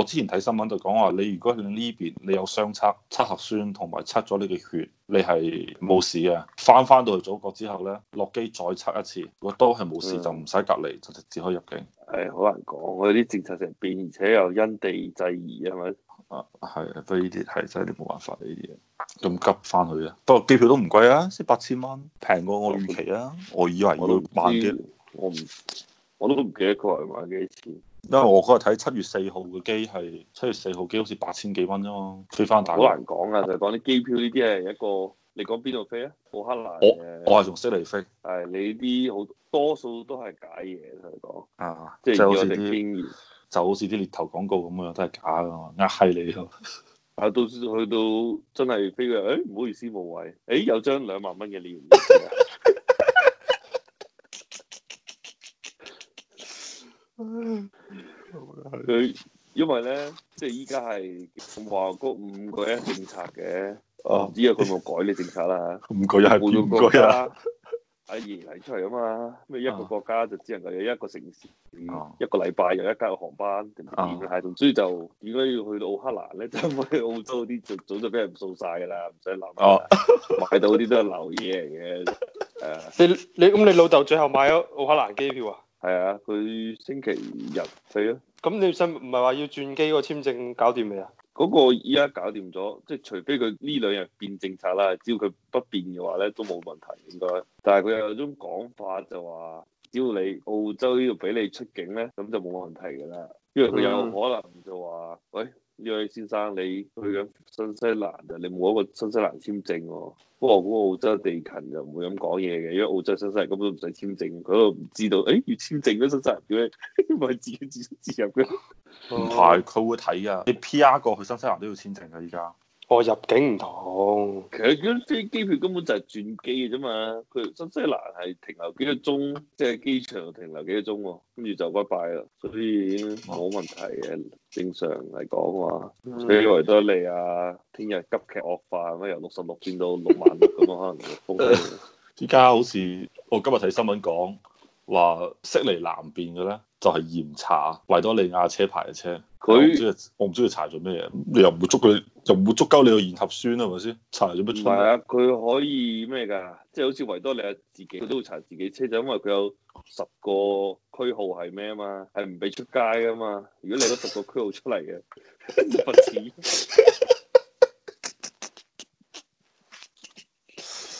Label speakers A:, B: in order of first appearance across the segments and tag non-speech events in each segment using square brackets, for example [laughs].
A: 我之前睇新聞就講話，你如果去呢邊你有雙測、測核酸同埋測咗你嘅血，你係冇事嘅。翻翻到去祖國之後咧，落機再測一次，如果都係冇事就唔使隔離，嗯、就直接可以入境。係好難講，佢啲政策成變，而且又因地制宜啊嘛。啊，係啊，不過呢啲係真係冇辦法呢啲嘢。咁急翻去啊？不過機票都唔貴啊，先八千蚊，平過我預期啊。我，我以為我都萬幾，我唔，我都唔記得過係萬幾錢。多因為我嗰日睇七月四號嘅機係七月四號機好似八千幾蚊啫嘛，飛翻大陸好難講啊！就係講啲機票呢啲係一個，你講邊度飛啊？奧克蘭，我我係從悉尼飛，係你啲好多數
B: 都係假嘢，同你講啊，
A: 即係要你經就好似啲獵頭廣告咁樣，都係假噶嘛，呃係你咯。
B: 啊，到時去到真係飛佢，誒唔好意思冇位，誒有張兩萬蚊嘅你要唔要佢因為咧，即係依家係話嗰五個一政策嘅。哦，只有，佢冇改嘅政策啦。五個一係冇個國家，阿爺嚟出嚟啊嘛。咩一個國家就只能夠有一個城市，一個禮拜有一間嘅航班定點嘅係，所以就如果要去到奧克蘭咧？就去澳洲嗰啲就早就俾人掃晒噶啦，唔使留哦，買到嗰啲都係流嘢嚟嘅。誒，你你咁你老豆最後買咗奧克蘭機票啊？係啊，佢星期日飛咯。咁你使唔係話要轉機個簽證搞掂未啊？嗰個依家搞掂咗，即係除非佢呢兩日變政策啦，只要佢不變嘅話咧，都冇問題。應該，但係佢又有種講法就話。只要你澳洲呢度俾你出境咧，咁就冇問題噶啦。因為佢有可能就話，的喂，呢位先生，你去緊新西蘭啊？你冇一個新西蘭簽證喎、哦。不過我估澳洲地勤就唔會咁講嘢嘅，因為澳洲新西蘭根本唔使簽證，佢都唔
A: 知道，誒、欸、要簽證都新西蘭嘅，咪 [laughs] 自己自自入嘅的。唔係，佢會睇啊！你 P R 過去新西蘭都要簽證噶，依家。我、哦、入境唔同，其實
B: 嗰啲機票根本就係轉機嘅啫嘛，佢新西蘭係停留幾多鐘，即、就、係、是、機場停留幾多鐘、啊，跟住就拜拜啦，所以冇問題嘅。嗯、正
A: 常嚟講話，
B: 譬如維多
A: 利亞，聽日急劇惡化，咁由六十六轉到六萬六咁啊，可能要封。依家 [laughs] 好似我今日睇新聞講。話悉尼南邊嘅咧，就係、是、嚴查維多利亞車牌嘅車。佢他 我唔知佢查咗咩嘢，你又唔會捉佢，又唔會捉鳩你去驗核酸啊？係咪先？查咗乜？係啊、嗯，佢可以咩噶？即係好似維多利亞自己，佢都會查自己車，就是、因為佢有
B: 十個區號係咩啊嘛，係唔俾出街噶嘛。如果你都十個區號出嚟嘅，罰錢。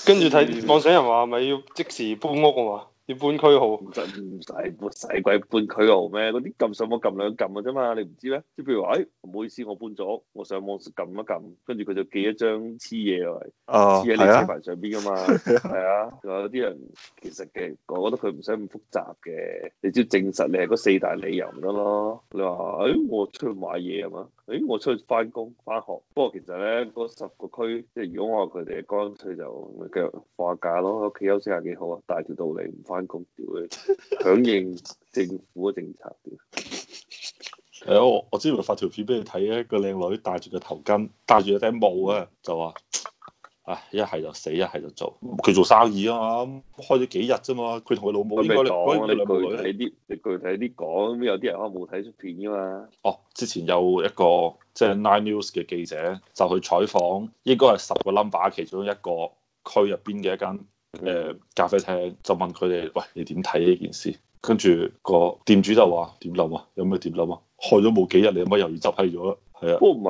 B: 跟住睇網上人話咪要即時搬屋啊嘛？搬區號，唔使使鬼搬區號咩？嗰啲撳上網撳兩撳嘅啫嘛，你唔知咩？即譬如話，哎，唔好意思，我搬咗，我上網撳一撳，跟住佢就寄一張黐嘢落嚟黐喺你車牌上邊㗎嘛，係、哦、啊。仲、 [laughs] 啊、有啲人其實嘅，我覺得佢唔使咁複雜嘅，你只要證實你係嗰四大理由得咯。你話，哎，我出去買嘢係嘛？哎，我出去翻工翻學。不過其實咧，嗰十個區，即係如果我話佢哋，乾脆就繼續放假咯，喺屋企休息下幾好啊。但係大條道理唔翻。公調嘅，響應政府嘅政策、哎。
A: 係啊，我之前發條片俾你睇一、個靚女戴住個頭巾，戴住頂帽啊，就話：啊，一係就死，一係就做。佢做生意啊嘛，開咗幾日啫嘛。佢同佢老母應該你兩個女睇啲，你具體啲講。有啲人可冇睇出片噶嘛。哦，之前有一個即係 Nine News 嘅記者就去採訪，應該係十個 number 其中一個區入邊嘅一間。誒、呃，咖啡廳就問佢哋：喂，你點睇呢件事？跟住個店主就話：點諗啊？有咩點諗啊？開咗冇幾日，你有乜猶豫執批咗啦？係啊。不
B: 過唔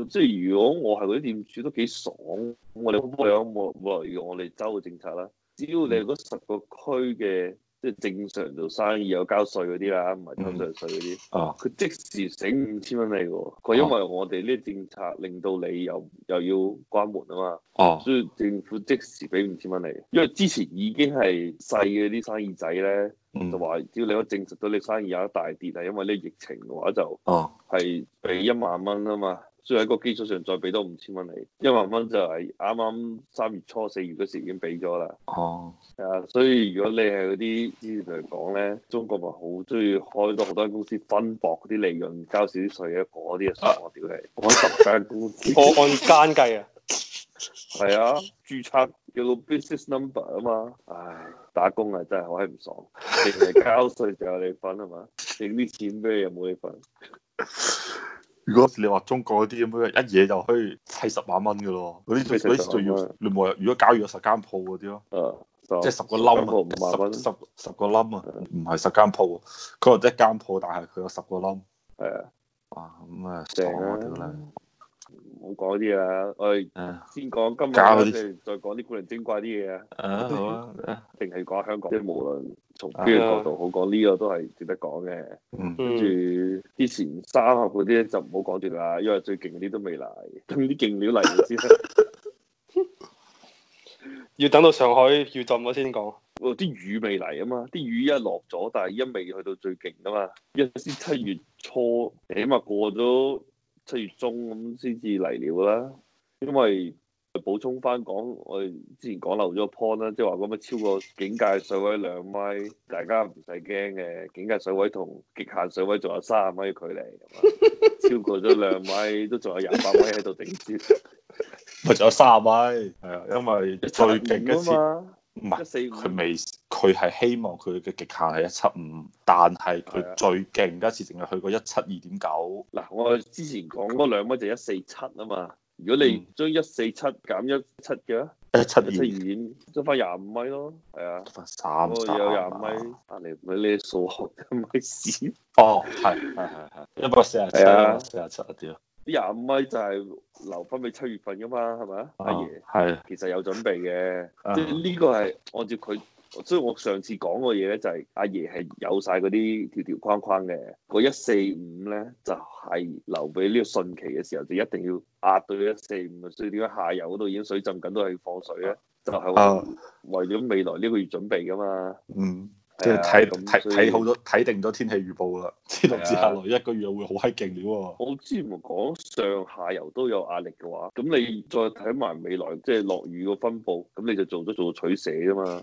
B: 係，即係如果我係嗰啲店主都幾爽，嗯、我哋好唔好有冇例如我哋州嘅政策啦？只要你係嗰十個區嘅。即係正常做生意有交稅嗰啲啦，唔係偷稅漏稅嗰啲。哦、嗯，佢、啊、即時醒五千蚊你喎，佢、啊、因為我哋呢啲政策令到你又又要關門啊嘛。哦、啊，所以政府即時俾五千蚊你，因為之前已經係細嘅啲生意仔咧，嗯、就話只要你可證實到你生意有一大跌係因為呢疫情嘅話就 1, 啊，哦，係俾一萬蚊啊嘛。再喺個基礎上再俾多五千蚊你，一萬蚊就係啱啱三月初四月嗰時已經俾咗啦。哦，係啊，所以如果你係嗰啲，依樣講咧，中國咪好中意開多好多間公司分薄嗰啲利潤，交少啲稅嘅嗰啲嘢傻屌嚟，我開十間公司，我按間計啊。係 [laughs] 啊，註冊叫做 business number 啊嘛，唉，打工啊真係好係唔爽，你交稅就有你分係嘛？整啲錢俾你又冇你份。 [laughs]
A: 如果你話中國嗰啲咁樣，一嘢就可以砌十萬蚊㗎咯，嗰啲最最少要，你冇如果假如有十間鋪嗰啲咯，即係十個冧十十十個冧啊，唔係十間鋪，佢話一間鋪，但係佢有十個冧，係啊，咁啊爽我屌你，唔好講啲啊！我哋先講今日即係
B: 再講啲古靈精怪啲嘢啊，好啊，定係講香港即係無論。從邊個角度好講呢 Yeah. 個都係值得講嘅，跟住之前三合嗰啲就唔好講住啦，因為最勁嗰啲都未嚟，咁啲勁料嚟先，要等到上海要浸咗先講。哦，啲雨未嚟啊嘛，啲雨一落咗，但係一未去到最勁噶嘛，一先七月初，起碼過咗七月中咁先至嚟料啦，因為。補充翻講我哋之前講漏咗個 point 啦，即係話嗰乜超過警戒水位兩米，大家唔使驚嘅，警戒水位同極限水位仲有卅米嘅距離， [laughs] 超
A: 過咗兩米都仲有廿八米喺度頂住，佢仲有卅米？係啊， [laughs] 因為 1, 最勁一次唔係，佢未嘛，佢係是希望佢嘅極限係一七五，5, 但係佢最勁一次淨係去過一七二點九。嗱，我
B: 之前講嗰兩米就一四七啊嘛。如果你將一四七減一七嘅，誒七二，七二點，增翻廿五米咯，係啊，翻三有廿五米，但是是你唔你數學一米線，哦，係係係係，一百四四啊，四廿七啊屌，啲廿五米就係留翻俾七月份噶嘛，係咪？ah, 啊，阿爺，係，其實有準備嘅，即係呢個係按照佢。所以我上次講個嘢咧，就係阿爺係有晒嗰啲條條框框嘅。嗰一四五咧就係留俾呢個汛期嘅時候，就一定要壓到一四五。所以點解下游嗰度已經水浸緊都係
A: 放水咧？就係為咗未來呢個月準備噶嘛。
B: 嗯，即係睇睇睇好咗，
A: 睇定咗天氣預報啦。的知道接下來一個月會好閪勁料。我
B: 之前講上下游都有壓力嘅話，咁你再睇埋未來即係落雨個分布，咁你就做咗做取捨噶嘛。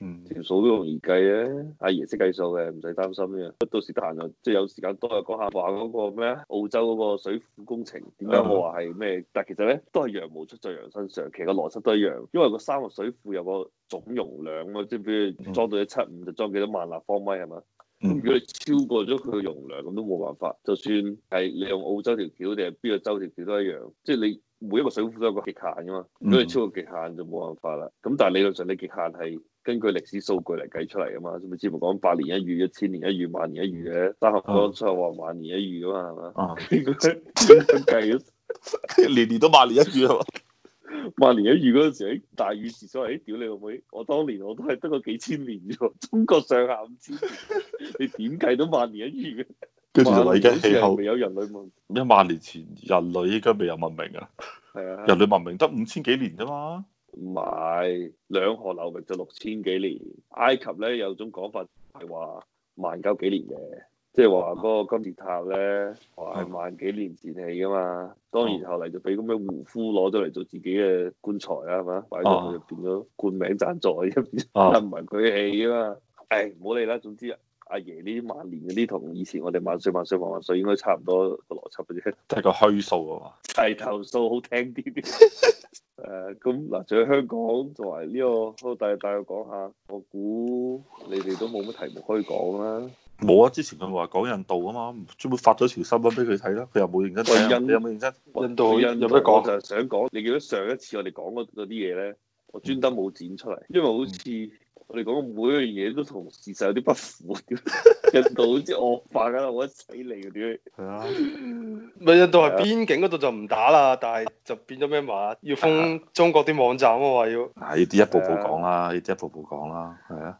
B: 嗯，條數都容易計啊！阿爺識計數嘅，唔使擔心嘅。不到時得閒就即係有時間都係，講下話嗰個咩啊？澳洲嗰個水庫工程點解我話係咩？嗯、但係其實咧都係羊毛出在羊身上，其實個邏輯都一樣。因為個三個水庫有個總容量啊，即係比如裝到一七五就裝幾多萬立方米係嘛？嗯、如果你超過咗佢嘅容量，咁都冇辦法。就算係你用澳洲條橋定係邊個州條橋都一樣，即係你每一個水庫都有個極限噶嘛。如果你超過極限就冇辦法啦。咁但係理論上你極限係。根據歷史數據嚟計出嚟噶嘛，知咪似乎講百年一遇、一千年一遇、萬年一遇嘅，大學講出嚟話萬年一遇噶嘛，係嘛？點計年年都萬年一遇啊嘛？萬年一遇嗰陣時大雨時所，所屌你老妹我當年我都係得過幾千年啫，中國上下五千，你點計都萬
A: 年一遇嘅？跟住就話氣候未有
B: 人類
A: 問，一萬年前人類應該未有文明啊？係啊，人類文明得五千幾年啫嘛。唔係，兩河流域就六千幾年，埃及咧有種講法係
B: 話萬九幾年嘅，即係話嗰個金字塔咧話係萬幾年前起噶嘛，當然後嚟就俾咁嘅胡夫攞咗嚟做自己嘅棺材啊嘛，擺咗佢就變咗冠名贊助，咁唔係佢起噶嘛，誒唔好理啦，總之阿爺呢啲萬年嗰啲同以前我哋萬歲萬歲萬歲萬萬歲應該差唔多個邏輯嘅啫，
A: 即係個虛數啊嘛，
B: 齊頭數好聽啲。 [laughs] 誒，咁嗱、呃，仲有香港，作為呢個，好大日帶佢講下，我估你哋都冇乜題目可
A: 以講啦。冇啊，之前佢咪話講印度啊嘛，專門發咗條新聞俾佢睇啦，佢又冇認真睇。印你有冇認真？
B: 印度喂有咩講？我就想講，你記得上一次我哋講嗰啲嘢咧，我專登冇剪出嚟，嗯、因為好似。嗯我哋講嘅每樣嘢都同事實有啲不符 [laughs] 啊！點， [laughs] 印度好似惡化噶啦，好犀利啊！啲係啊，唔係印度係邊境嗰度就唔打啦，但係就變咗咩話，要封中國啲網站啊嘛，要，嗱、啊，呢啲一步步講
A: 啦，呢啲、啊、一步步講啦，係啊。